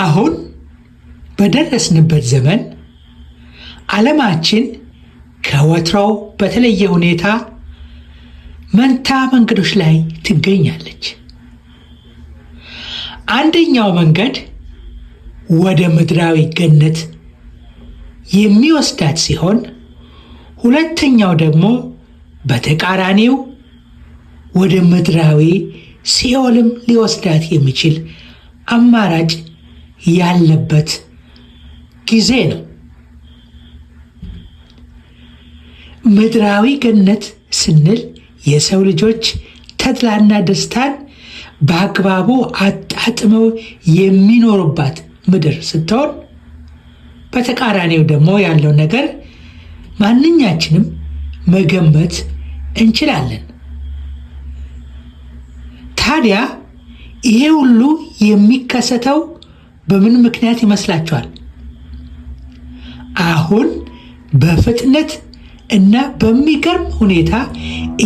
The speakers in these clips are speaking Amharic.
አሁን በደረስንበት ዘመን ዓለማችን ከወትሮው በተለየ ሁኔታ መንታ መንገዶች ላይ ትገኛለች። አንደኛው መንገድ ወደ ምድራዊ ገነት የሚወስዳት ሲሆን ሁለተኛው ደግሞ በተቃራኒው ወደ ምድራዊ ሲኦልም ሊወስዳት የሚችል አማራጭ ያለበት ጊዜ ነው። ምድራዊ ገነት ስንል የሰው ልጆች ተድላና ደስታን በአግባቡ አጣጥመው የሚኖሩባት ምድር ስትሆን፣ በተቃራኒው ደግሞ ያለው ነገር ማንኛችንም መገመት እንችላለን። ታዲያ ይሄ ሁሉ የሚከሰተው በምን ምክንያት ይመስላችኋል? አሁን በፍጥነት እና በሚገርም ሁኔታ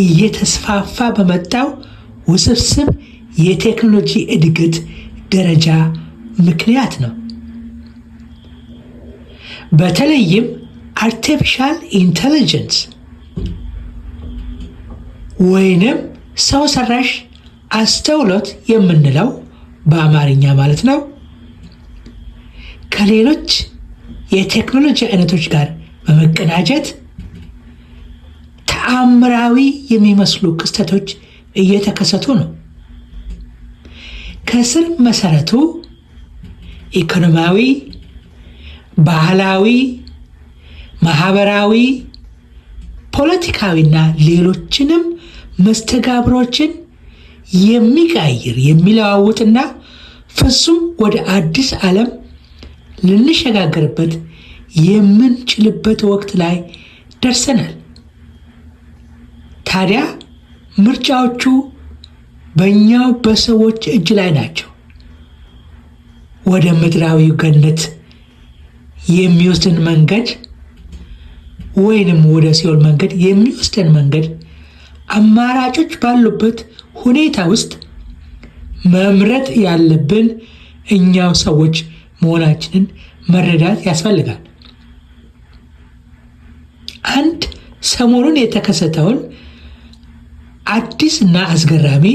እየተስፋፋ በመጣው ውስብስብ የቴክኖሎጂ እድገት ደረጃ ምክንያት ነው። በተለይም አርቲፊሻል ኢንተለጀንስ ወይንም ሰው ሰራሽ አስተውሎት የምንለው በአማርኛ ማለት ነው። ከሌሎች የቴክኖሎጂ አይነቶች ጋር በመቀናጀት ተአምራዊ የሚመስሉ ክስተቶች እየተከሰቱ ነው። ከስር መሰረቱ ኢኮኖሚያዊ፣ ባህላዊ፣ ማህበራዊ፣ ፖለቲካዊና ሌሎችንም መስተጋብሮችን የሚቀይር የሚለዋውጥና ፍጹም ወደ አዲስ ዓለም ልንሸጋገርበት የምንችልበት ወቅት ላይ ደርሰናል። ታዲያ ምርጫዎቹ በእኛው በሰዎች እጅ ላይ ናቸው። ወደ ምድራዊው ገነት የሚወስድን መንገድ ወይንም ወደ ሲኦል መንገድ የሚወስደን መንገድ አማራጮች ባሉበት ሁኔታ ውስጥ መምረጥ ያለብን እኛው ሰዎች መሆናችንን መረዳት ያስፈልጋል። አንድ ሰሞኑን የተከሰተውን አዲስ እና አስገራሚ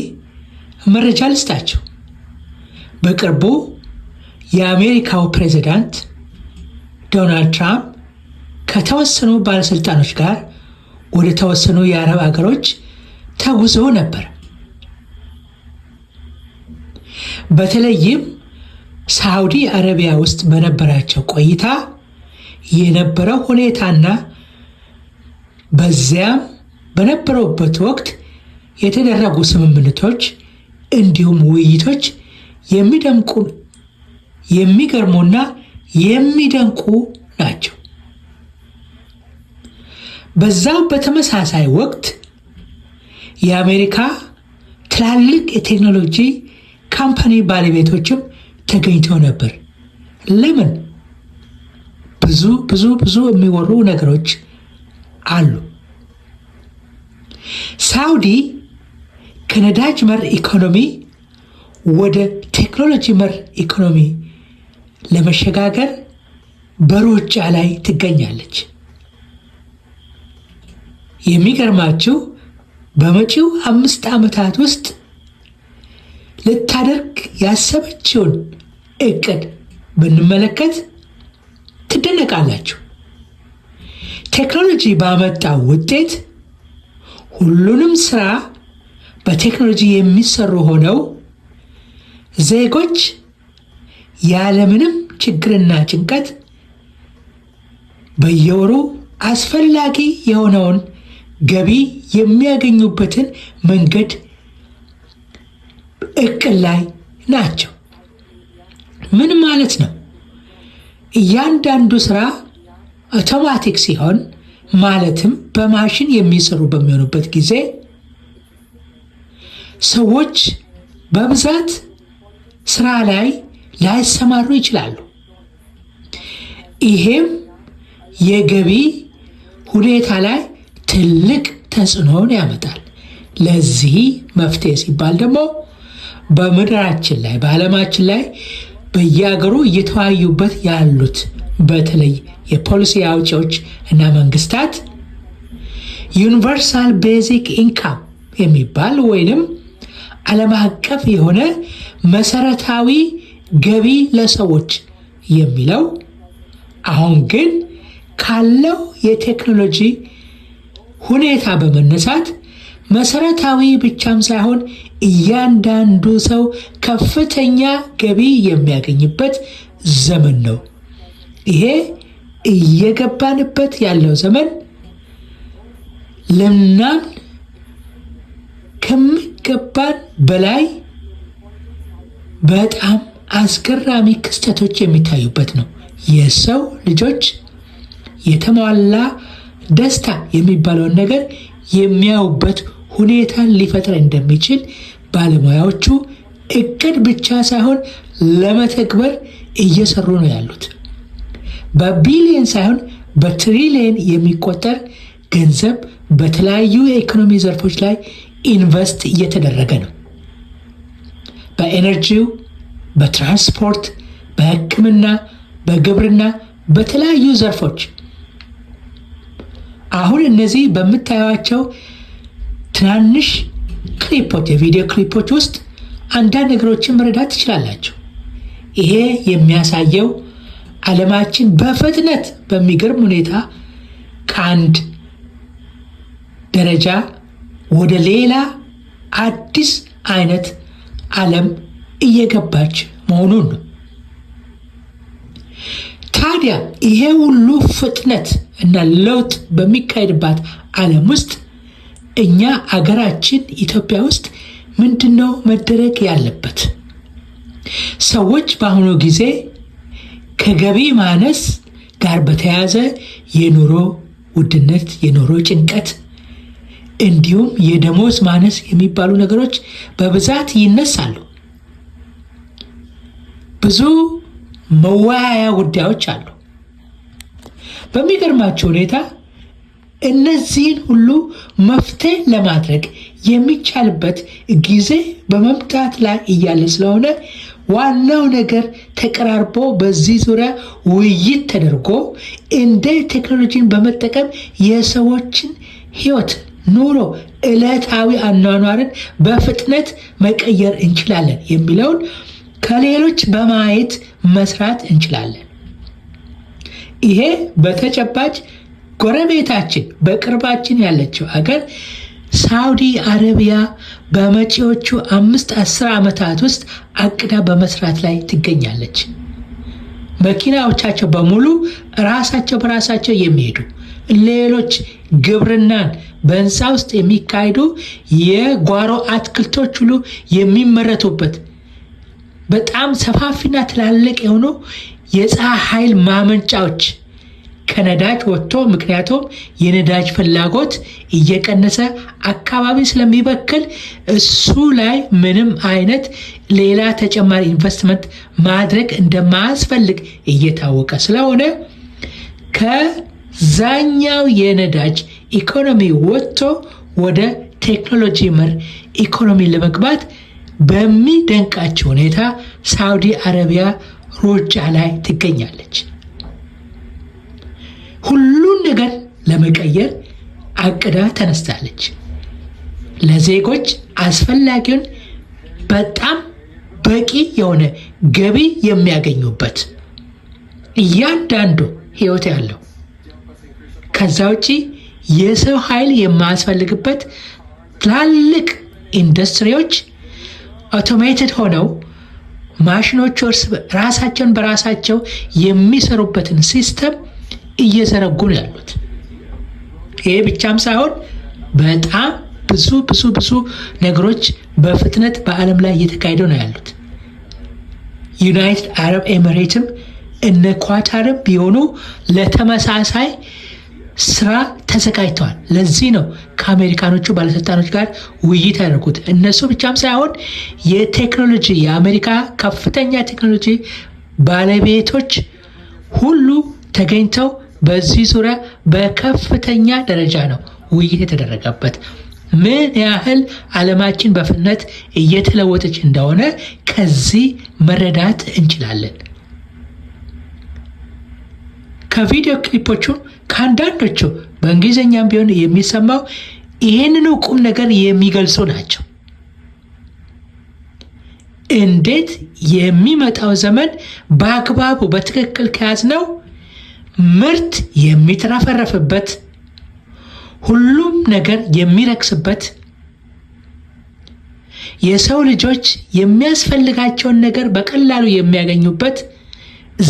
መረጃ ልስታቸው። በቅርቡ የአሜሪካው ፕሬዚዳንት ዶናልድ ትራምፕ ከተወሰኑ ባለሥልጣኖች ጋር ወደ ተወሰኑ የአረብ አገሮች ተጉዞ ነበር። በተለይም ሳውዲ አረቢያ ውስጥ በነበራቸው ቆይታ የነበረው ሁኔታና በዚያም በነበረውበት ወቅት የተደረጉ ስምምነቶች እንዲሁም ውይይቶች የሚደምቁ የሚገርሙና የሚደንቁ ናቸው። በዛው በተመሳሳይ ወቅት የአሜሪካ ትላልቅ የቴክኖሎጂ ካምፓኒ ባለቤቶችም ተገኝተው ነበር። ለምን? ብዙ ብዙ ብዙ የሚወሩ ነገሮች አሉ። ሳውዲ ከነዳጅ መር ኢኮኖሚ ወደ ቴክኖሎጂ መር ኢኮኖሚ ለመሸጋገር በሩጫ ላይ ትገኛለች። የሚገርማችሁ በመጪው አምስት ዓመታት ውስጥ ልታደርግ ያሰበችውን እቅድ ብንመለከት ትደነቃላችሁ። ቴክኖሎጂ ባመጣው ውጤት ሁሉንም ስራ በቴክኖሎጂ የሚሰሩ ሆነው ዜጎች ያለምንም ችግርና ጭንቀት በየወሩ አስፈላጊ የሆነውን ገቢ የሚያገኙበትን መንገድ እቅድ ላይ ናቸው። ምን ማለት ነው? እያንዳንዱ ስራ አውቶማቲክ ሲሆን ማለትም በማሽን የሚሰሩ በሚሆኑበት ጊዜ ሰዎች በብዛት ስራ ላይ ላይሰማሩ ይችላሉ። ይሄም የገቢ ሁኔታ ላይ ትልቅ ተጽዕኖን ያመጣል። ለዚህ መፍትሄ ሲባል ደግሞ በምድራችን ላይ በዓለማችን ላይ በየአገሩ እየተወያዩበት ያሉት በተለይ የፖሊሲ አውጪዎች እና መንግስታት ዩኒቨርሳል ቤዚክ ኢንካም የሚባል ወይንም ዓለም አቀፍ የሆነ መሰረታዊ ገቢ ለሰዎች የሚለው አሁን ግን ካለው የቴክኖሎጂ ሁኔታ በመነሳት መሰረታዊ ብቻም ሳይሆን እያንዳንዱ ሰው ከፍተኛ ገቢ የሚያገኝበት ዘመን ነው። ይሄ እየገባንበት ያለው ዘመን ልናምን ከሚገባን በላይ በጣም አስገራሚ ክስተቶች የሚታዩበት ነው። የሰው ልጆች የተሟላ ደስታ የሚባለውን ነገር የሚያዩበት ሁኔታን ሊፈጥር እንደሚችል ባለሙያዎቹ እቅድ ብቻ ሳይሆን ለመተግበር እየሰሩ ነው ያሉት። በቢሊየን ሳይሆን በትሪሊየን የሚቆጠር ገንዘብ በተለያዩ የኢኮኖሚ ዘርፎች ላይ ኢንቨስት እየተደረገ ነው። በኤነርጂው፣ በትራንስፖርት፣ በሕክምና፣ በግብርና፣ በተለያዩ ዘርፎች አሁን እነዚህ በምታዩቸው ትናንሽ ክሊፖች፣ የቪዲዮ ክሊፖች ውስጥ አንዳንድ ነገሮችን መረዳት ትችላላችሁ። ይሄ የሚያሳየው ዓለማችን በፍጥነት በሚገርም ሁኔታ ከአንድ ደረጃ ወደ ሌላ አዲስ አይነት ዓለም እየገባች መሆኑን ነው። ታዲያ ይሄ ሁሉ ፍጥነት እና ለውጥ በሚካሄድባት ዓለም ውስጥ እኛ አገራችን ኢትዮጵያ ውስጥ ምንድን ነው መደረግ ያለበት? ሰዎች በአሁኑ ጊዜ ከገቢ ማነስ ጋር በተያያዘ የኑሮ ውድነት፣ የኑሮ ጭንቀት እንዲሁም የደሞዝ ማነስ የሚባሉ ነገሮች በብዛት ይነሳሉ። ብዙ መወያያ ጉዳዮች አሉ። በሚገርማቸው ሁኔታ እነዚህን ሁሉ መፍትሄ ለማድረግ የሚቻልበት ጊዜ በመምጣት ላይ እያለ ስለሆነ ዋናው ነገር ተቀራርቦ በዚህ ዙሪያ ውይይት ተደርጎ እንደ ቴክኖሎጂን በመጠቀም የሰዎችን ሕይወት ኑሮ፣ ዕለታዊ አኗኗርን በፍጥነት መቀየር እንችላለን የሚለውን ከሌሎች በማየት መስራት እንችላለን። ይሄ በተጨባጭ ጎረቤታችን በቅርባችን ያለችው አገር ሳውዲ አረቢያ በመጪዎቹ አምስት አስር ዓመታት ውስጥ አቅዳ በመስራት ላይ ትገኛለች። መኪናዎቻቸው በሙሉ ራሳቸው በራሳቸው የሚሄዱ ሌሎች ግብርናን በህንፃ ውስጥ የሚካሄዱ የጓሮ አትክልቶች ሁሉ የሚመረቱበት በጣም ሰፋፊና ትላልቅ የሆኑ የፀሐይ ኃይል ማመንጫዎች ከነዳጅ ወጥቶ ምክንያቱም የነዳጅ ፍላጎት እየቀነሰ አካባቢ ስለሚበክል እሱ ላይ ምንም አይነት ሌላ ተጨማሪ ኢንቨስትመንት ማድረግ እንደማያስፈልግ እየታወቀ ስለሆነ ከዛኛው የነዳጅ ኢኮኖሚ ወጥቶ ወደ ቴክኖሎጂ መር ኢኮኖሚ ለመግባት በሚደንቃቸው ሁኔታ ሳውዲ አረቢያ ሩጫ ላይ ትገኛለች። ሁሉን ነገር ለመቀየር አቅዳ ተነስታለች። ለዜጎች አስፈላጊውን በጣም በቂ የሆነ ገቢ የሚያገኙበት እያንዳንዱ ህይወት ያለው ከዛ ውጪ የሰው ኃይል የማያስፈልግበት ትላልቅ ኢንዱስትሪዎች አውቶሜትድ ሆነው ማሽኖቹ እርስ ራሳቸውን በራሳቸው የሚሰሩበትን ሲስተም እየዘረጉ ነው ያሉት። ይሄ ብቻም ሳይሆን በጣም ብዙ ብዙ ብዙ ነገሮች በፍጥነት በዓለም ላይ እየተካሄደው ነው ያሉት። ዩናይትድ አረብ ኤሚሬትም እነ ኳታርም ቢሆኑ ለተመሳሳይ ስራ ተዘጋጅተዋል። ለዚህ ነው ከአሜሪካኖቹ ባለስልጣኖች ጋር ውይይት ያደርጉት። እነሱ ብቻም ሳይሆን የቴክኖሎጂ የአሜሪካ ከፍተኛ ቴክኖሎጂ ባለቤቶች ሁሉ ተገኝተው በዚህ ዙሪያ በከፍተኛ ደረጃ ነው ውይይት የተደረገበት። ምን ያህል ዓለማችን በፍጥነት እየተለወጠች እንደሆነ ከዚህ መረዳት እንችላለን። ከቪዲዮ ክሊፖቹ ከአንዳንዶቹ በእንግሊዝኛም ቢሆን የሚሰማው ይህንን ቁም ነገር የሚገልጹ ናቸው። እንዴት የሚመጣው ዘመን በአግባቡ በትክክል ከያዝነው ምርት የሚትረፈረፍበት፣ ሁሉም ነገር የሚረክስበት፣ የሰው ልጆች የሚያስፈልጋቸውን ነገር በቀላሉ የሚያገኙበት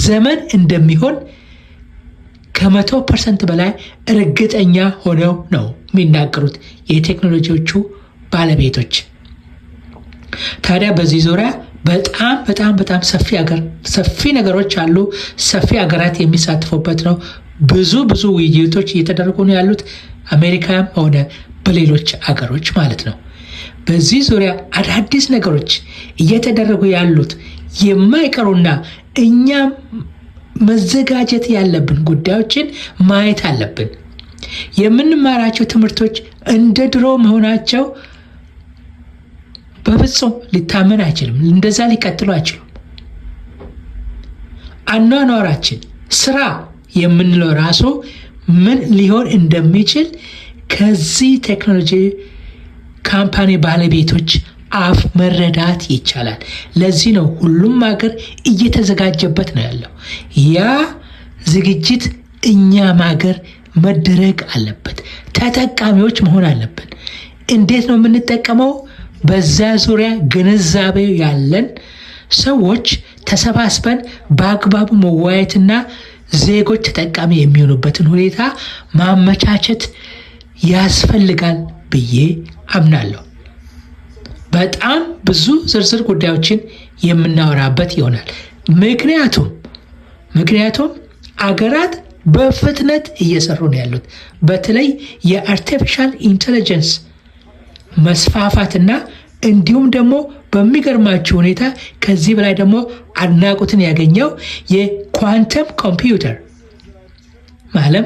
ዘመን እንደሚሆን ከመቶ ፐርሰንት በላይ እርግጠኛ ሆነው ነው የሚናገሩት የቴክኖሎጂዎቹ ባለቤቶች። ታዲያ በዚህ ዙሪያ በጣም በጣም በጣም ሰፊ ሀገር ሰፊ ነገሮች አሉ። ሰፊ ሀገራት የሚሳትፉበት ነው። ብዙ ብዙ ውይይቶች እየተደረጉ ነው ያሉት አሜሪካም ሆነ በሌሎች አገሮች ማለት ነው። በዚህ ዙሪያ አዳዲስ ነገሮች እየተደረጉ ያሉት የማይቀሩና እኛም መዘጋጀት ያለብን ጉዳዮችን ማየት አለብን። የምንማራቸው ትምህርቶች እንደ ድሮ መሆናቸው በፍጹም ሊታመን አይችልም። እንደዛ ሊቀጥሉ አይችሉም። አኗኗራችን ስራ የምንለው ራሱ ምን ሊሆን እንደሚችል ከዚህ ቴክኖሎጂ ካምፓኒ ባለቤቶች አፍ መረዳት ይቻላል። ለዚህ ነው ሁሉም ሀገር እየተዘጋጀበት ነው ያለው። ያ ዝግጅት እኛም ሀገር መደረግ አለበት። ተጠቃሚዎች መሆን አለብን። እንዴት ነው የምንጠቀመው? በዛ ዙሪያ ግንዛቤ ያለን ሰዎች ተሰባስበን በአግባቡ መወያየትና ዜጎች ተጠቃሚ የሚሆኑበትን ሁኔታ ማመቻቸት ያስፈልጋል ብዬ አምናለሁ። በጣም ብዙ ዝርዝር ጉዳዮችን የምናወራበት ይሆናል። ምክንያቱም ምክንያቱም አገራት በፍጥነት እየሰሩ ነው ያሉት በተለይ የአርቲፊሻል ኢንቴሊጀንስ መስፋፋትና እንዲሁም ደግሞ በሚገርማቸው ሁኔታ ከዚህ በላይ ደግሞ አድናቆትን ያገኘው የኳንተም ኮምፒውተር ማለም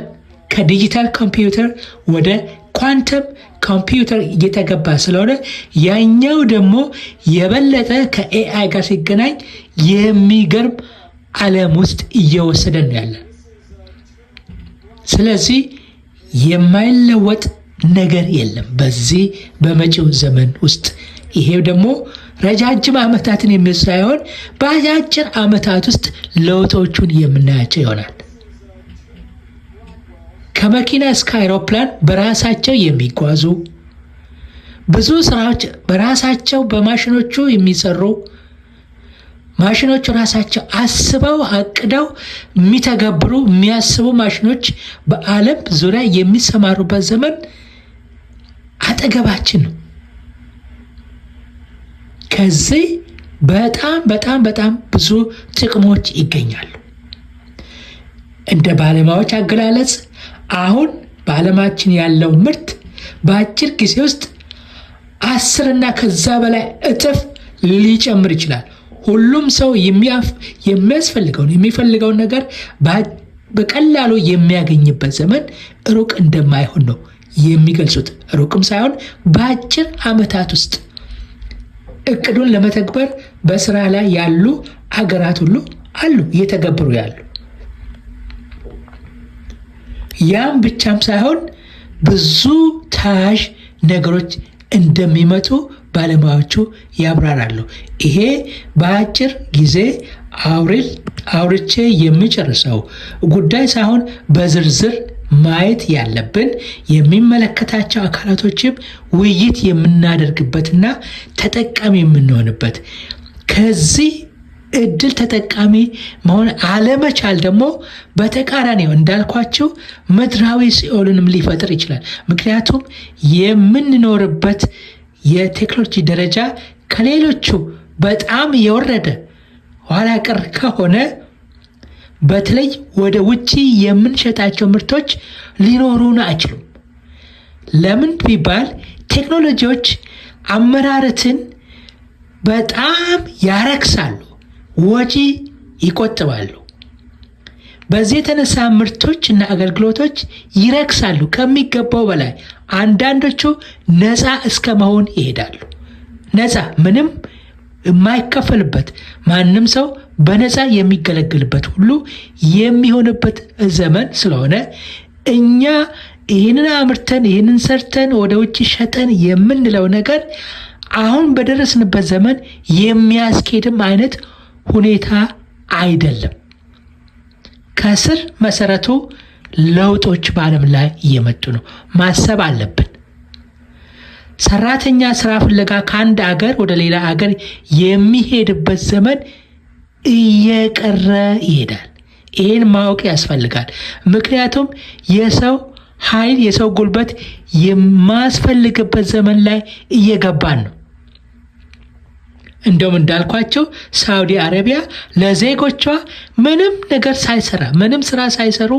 ከዲጂታል ኮምፒውተር ወደ ኳንተም ኮምፒውተር እየተገባ ስለሆነ ያኛው ደግሞ የበለጠ ከኤአይ ጋር ሲገናኝ የሚገርም ዓለም ውስጥ እየወሰደን ያለ ስለዚህ የማይለወጥ ነገር የለም በዚህ በመጪው ዘመን ውስጥ። ይሄ ደግሞ ረጃጅም ዓመታትን የሚወስድ ሳይሆን በአጫጭር ዓመታት ውስጥ ለውጦቹን የምናያቸው ይሆናል። ከመኪና እስከ አይሮፕላን በራሳቸው የሚጓዙ ብዙ ስራዎች በራሳቸው በማሽኖቹ የሚሰሩ ማሽኖቹ ራሳቸው አስበው አቅደው የሚተገብሩ የሚያስቡ ማሽኖች በዓለም ዙሪያ የሚሰማሩበት ዘመን አጠገባችን ነው። ከዚህ በጣም በጣም በጣም ብዙ ጥቅሞች ይገኛሉ። እንደ ባለሙያዎች አገላለጽ አሁን በዓለማችን ያለው ምርት በአጭር ጊዜ ውስጥ አስርና ከዛ በላይ እጥፍ ሊጨምር ይችላል። ሁሉም ሰው የሚያስፈልገውን የሚፈልገውን ነገር በቀላሉ የሚያገኝበት ዘመን ሩቅ እንደማይሆን ነው የሚገልጹት ሩቅም ሳይሆን በአጭር ዓመታት ውስጥ እቅዱን ለመተግበር በስራ ላይ ያሉ ሀገራት ሁሉ አሉ፣ እየተገበሩ ያሉ። ያም ብቻም ሳይሆን ብዙ ተያያዥ ነገሮች እንደሚመጡ ባለሙያዎቹ ያብራራሉ። ይሄ በአጭር ጊዜ አውርቼ የሚጨርሰው ጉዳይ ሳይሆን በዝርዝር ማየት ያለብን የሚመለከታቸው አካላቶችም ውይይት የምናደርግበትና ተጠቃሚ የምንሆንበት ከዚህ እድል ተጠቃሚ መሆን አለመቻል ደግሞ በተቃራኒው እንዳልኳቸው ምድራዊ ሲኦልንም ሊፈጥር ይችላል። ምክንያቱም የምንኖርበት የቴክኖሎጂ ደረጃ ከሌሎቹ በጣም የወረደ ኋላ ቀር ከሆነ በተለይ ወደ ውጭ የምንሸጣቸው ምርቶች ሊኖሩን አይችሉም። ለምን ቢባል ቴክኖሎጂዎች አመራረትን በጣም ያረክሳሉ፣ ወጪ ይቆጥባሉ። በዚህ የተነሳ ምርቶች እና አገልግሎቶች ይረክሳሉ ከሚገባው በላይ አንዳንዶቹ ነፃ እስከ መሆን ይሄዳሉ። ነፃ ምንም የማይከፈልበት ማንም ሰው በነፃ የሚገለገልበት ሁሉ የሚሆንበት ዘመን ስለሆነ እኛ ይህንን አምርተን ይህንን ሰርተን ወደ ውጭ ሸጠን የምንለው ነገር አሁን በደረስንበት ዘመን የሚያስኬድም አይነት ሁኔታ አይደለም። ከስር መሰረቱ ለውጦች በዓለም ላይ እየመጡ ነው። ማሰብ አለብን። ሰራተኛ ስራ ፍለጋ ከአንድ አገር ወደ ሌላ አገር የሚሄድበት ዘመን እየቀረ ይሄዳል። ይህን ማወቅ ያስፈልጋል። ምክንያቱም የሰው ኃይል የሰው ጉልበት የማስፈልግበት ዘመን ላይ እየገባን ነው። እንደውም እንዳልኳቸው ሳውዲ አረቢያ ለዜጎቿ ምንም ነገር ሳይሰራ ምንም ስራ ሳይሰሩ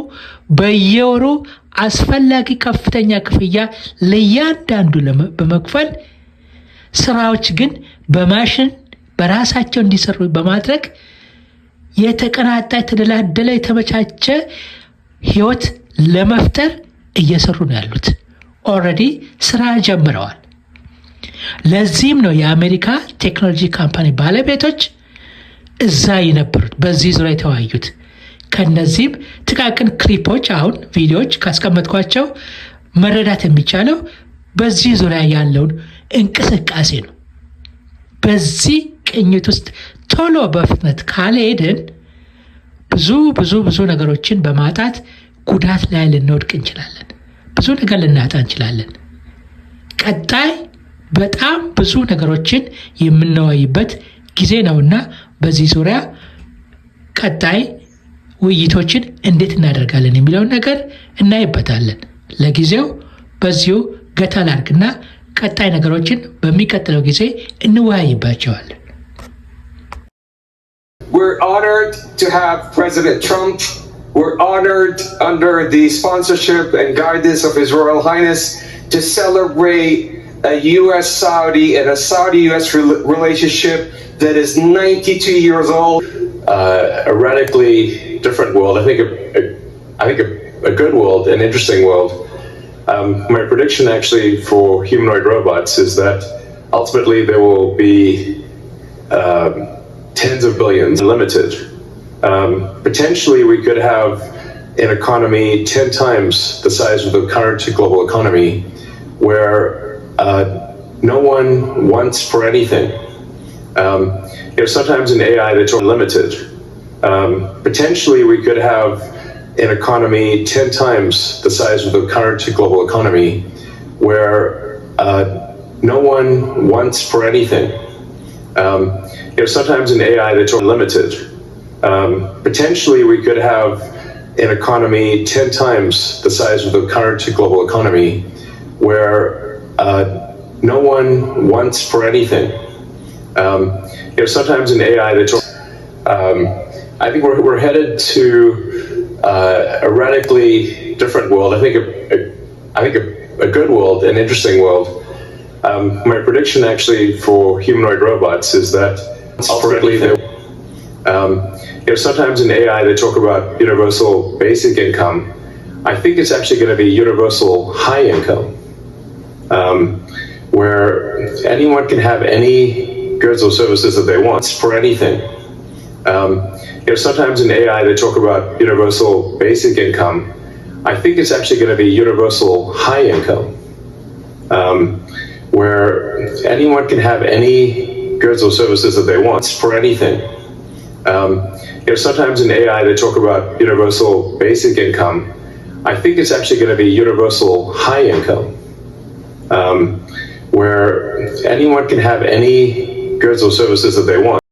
በየወሩ አስፈላጊ ከፍተኛ ክፍያ ለእያንዳንዱ በመክፈል ስራዎች ግን በማሽን በራሳቸው እንዲሰሩ በማድረግ የተቀናጣ የተደላደለ የተመቻቸ ህይወት ለመፍጠር እየሰሩ ነው ያሉት። ኦልሬዲ ስራ ጀምረዋል። ለዚህም ነው የአሜሪካ ቴክኖሎጂ ካምፓኒ ባለቤቶች እዛ የነበሩት በዚህ ዙሪያ የተወያዩት። ከነዚህም ጥቃቅን ክሊፖች አሁን ቪዲዮዎች ካስቀመጥኳቸው መረዳት የሚቻለው በዚህ ዙሪያ ያለውን እንቅስቃሴ ነው። በዚህ ቅኝት ውስጥ ቶሎ በፍጥነት ካልሄድን ብዙ ብዙ ብዙ ነገሮችን በማጣት ጉዳት ላይ ልንወድቅ እንችላለን። ብዙ ነገር ልናጣ እንችላለን። ቀጣይ በጣም ብዙ ነገሮችን የምናወይበት ጊዜ ነውና በዚህ ዙሪያ ቀጣይ ውይይቶችን እንዴት እናደርጋለን የሚለውን ነገር እናይበታለን። ለጊዜው በዚሁ ገታ ላርግና ቀጣይ ነገሮችን በሚቀጥለው ጊዜ እንወያይባቸዋለን። honored to have President Trump. We're honored under the sponsorship and guidance of His Royal Highness to celebrate a U.S. Saudi and a Saudi U.S. Re- relationship that is 92 years old. Uh, a radically different world. I think a, a, I think a, a good world, an interesting world. Um, my prediction actually for humanoid robots is that ultimately there will be. Um, tens of billions limited. Um, potentially, we could have an economy 10 times the size of the current global economy where uh, no one wants for anything. Um, you know, sometimes in AI, that's limited. Um, potentially, we could have an economy 10 times the size of the current global economy where uh, no one wants for anything. Um, you know, sometimes in AI that's limited. Um, potentially, we could have an economy 10 times the size of the current global economy where uh, no one wants for anything. Um, you know, sometimes in AI that's um, I think we're, we're headed to uh, a radically different world. I think a, a, I think a, a good world, an interesting world, um, my prediction actually for humanoid robots is that ultimately um, you know, sometimes in AI they talk about universal basic income. I think it's actually going to be universal high income, um, where anyone can have any goods or services that they want for anything. Um, you know, sometimes in AI they talk about universal basic income. I think it's actually going to be universal high income, um, where anyone can have any goods or services that they want for anything. Um, you know, sometimes in AI they talk about universal basic income. I think it's actually going to be universal high income, um, where anyone can have any goods or services that they want.